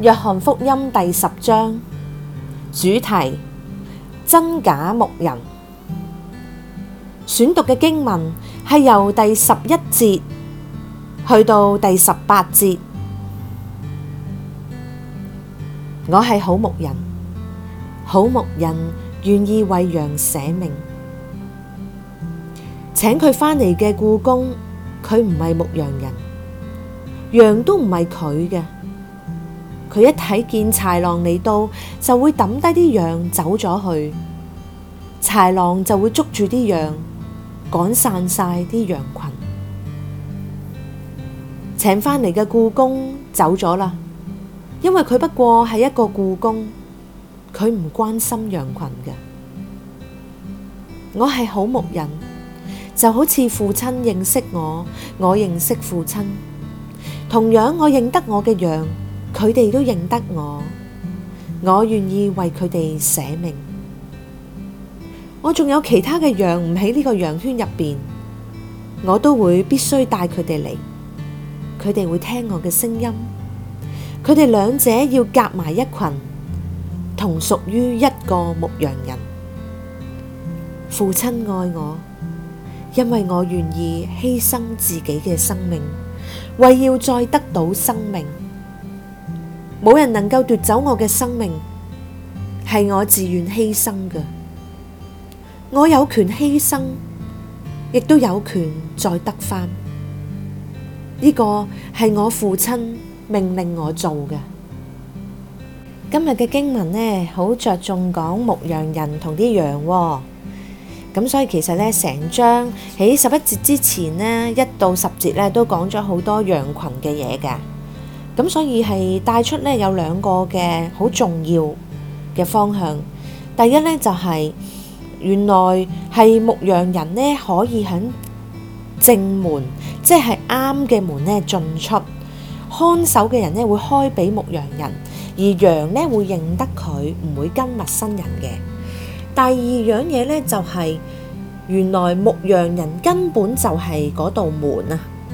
約翰福音第十章主題：真假牧人。選讀嘅經文係由第十一節去到第十八節。我係好牧人，好牧人願意為羊捨命，請佢返嚟嘅僱工，佢唔係牧羊人，羊都唔係佢嘅。佢一睇見豺狼嚟到，就會抌低啲羊走咗去。豺狼就會捉住啲羊，趕散晒啲羊群。請翻嚟嘅僱工走咗啦，因為佢不過係一個僱工，佢唔關心羊群嘅。我係好牧人，就好似父親認識我，我認識父親，同樣我認得我嘅羊。佢哋都認得我，我願意為佢哋捨命。我仲有其他嘅羊唔喺呢個羊圈入邊，我都會必須帶佢哋嚟。佢哋會聽我嘅聲音。佢哋兩者要夾埋一群，同屬於一個牧羊人。父親愛我，因為我願意犧牲自己嘅生命，為要再得到生命。冇人能夠奪走我嘅生命，係我自願犧牲嘅，我有權犧牲，亦都有權再得翻。呢個係我父親命令我做嘅。今日嘅經文呢，好着重講牧羊人同啲羊喎，咁所以其實呢，成章喺十一節之前呢，一到十節呢，都講咗好多羊群嘅嘢嘅。咁所以係帶出咧有兩個嘅好重要嘅方向。第一咧就係原來係牧羊人咧可以喺正門，即係啱嘅門咧進出，看守嘅人咧會開俾牧羊人，而羊咧會認得佢，唔會跟陌生人嘅。第二樣嘢咧就係原來牧羊人根本就係嗰道門啊！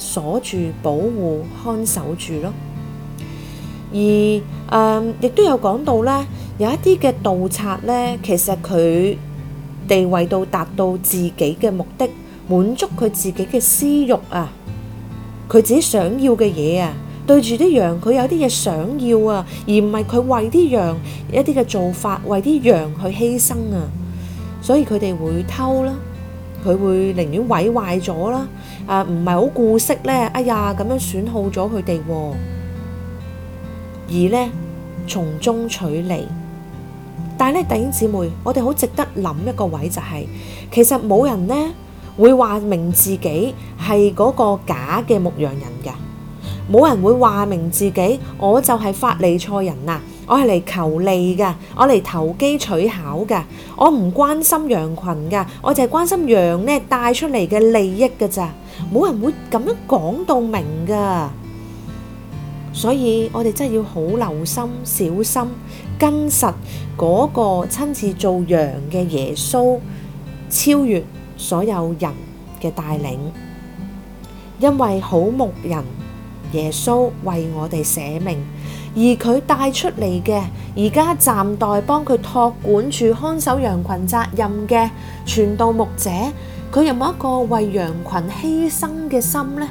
鎖住、保護、看守住咯。而誒、嗯，亦都有講到咧，有一啲嘅盜賊咧，其實佢哋為到達到自己嘅目的，滿足佢自己嘅私欲啊。佢自己想要嘅嘢啊，對住啲羊，佢有啲嘢想要啊，而唔係佢為啲羊一啲嘅做法，為啲羊去犧牲啊。所以佢哋會偷啦，佢會寧願毀壞咗啦。啊，唔係好顧惜呢，哎呀咁樣損耗咗佢哋，而呢，從中取利。但係咧，弟兄姊妹，我哋好值得諗一個位就係、是，其實冇人呢會話明自己係嗰個假嘅牧羊人嘅，冇人會話明自己我就係法利賽人啊，我係嚟求利嘅，我嚟投機取巧嘅，我唔關心羊群嘅，我就係關心羊呢帶出嚟嘅利益嘅咋。冇人會咁樣講到明噶所以我哋真係要好留心、小心跟實嗰個親自做羊嘅耶穌，超越所有人嘅帶領。因為好牧人耶穌為我哋捨命，而佢帶出嚟，嘅而家暫代幫佢託管住看守羊群責任嘅傳道牧者。佢有冇一個為羊群犧牲嘅心呢？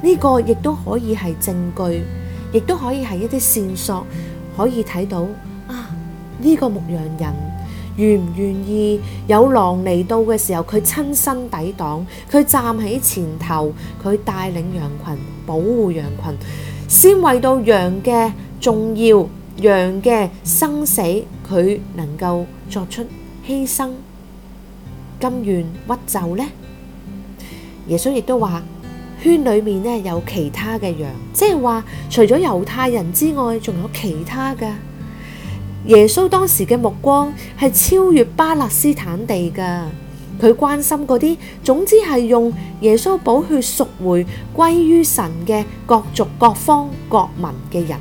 呢個亦都可以係證據，亦都可以係一啲線索，可以睇到啊！呢個牧羊人願唔願意有狼嚟到嘅時候，佢親身抵擋，佢站喺前頭，佢帶領羊群，保護羊群，先為到羊嘅重要、羊嘅生死，佢能夠作出犧牲。甘願屈就呢，耶穌亦都話圈裏面呢，有其他嘅羊，即係話除咗猶太人之外，仲有其他嘅。耶穌當時嘅目光係超越巴勒斯坦地嘅，佢關心嗰啲，總之係用耶穌寶血贖回歸於神嘅各族各方各民嘅人。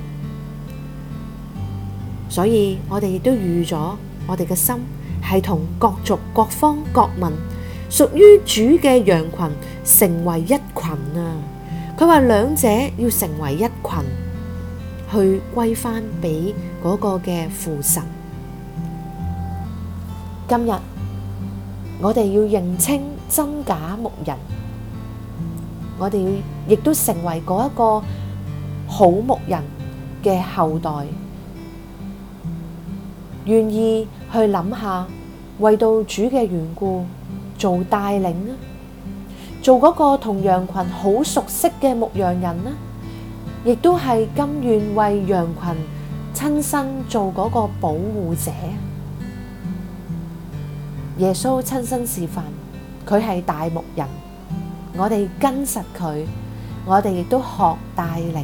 所以我哋亦都預咗我哋嘅心。係同各族、各方、各民，屬於主嘅羊群成為一羣啊！佢話兩者要成為一羣去歸翻畀嗰個嘅父神。今日我哋要認清真假牧人，我哋要亦都成為嗰一個好牧人嘅後代，願意，去諗下為到主嘅緣故做帶領啊，做嗰個同羊群好熟悉嘅牧羊人呢，亦都係甘願為羊群親身做嗰個保護者。耶穌親身示範，佢係大牧人，我哋跟實佢，我哋亦都學帶領。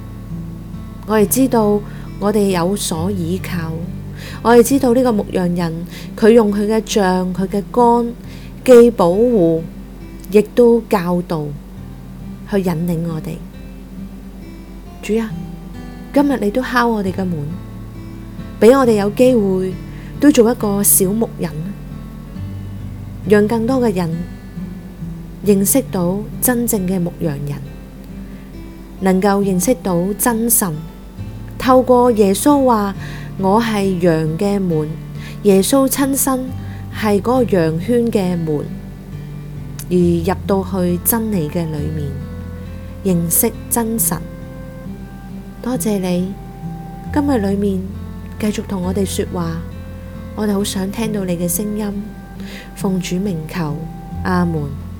我哋知道我哋有所倚靠，我哋知道呢個牧羊人佢用佢嘅杖、佢嘅竿，既保護亦都教導，去引領我哋。主啊，今日你都敲我哋嘅門，俾我哋有機會都做一個小牧人，讓更多嘅人認識到真正嘅牧羊人，能夠認識到真神。透過耶穌話我係羊嘅門，耶穌親身係嗰個羊圈嘅門，而入到去真理嘅裏面認識真神。多謝你今日裏面繼續同我哋說話，我哋好想聽到你嘅聲音。奉主名求，阿門。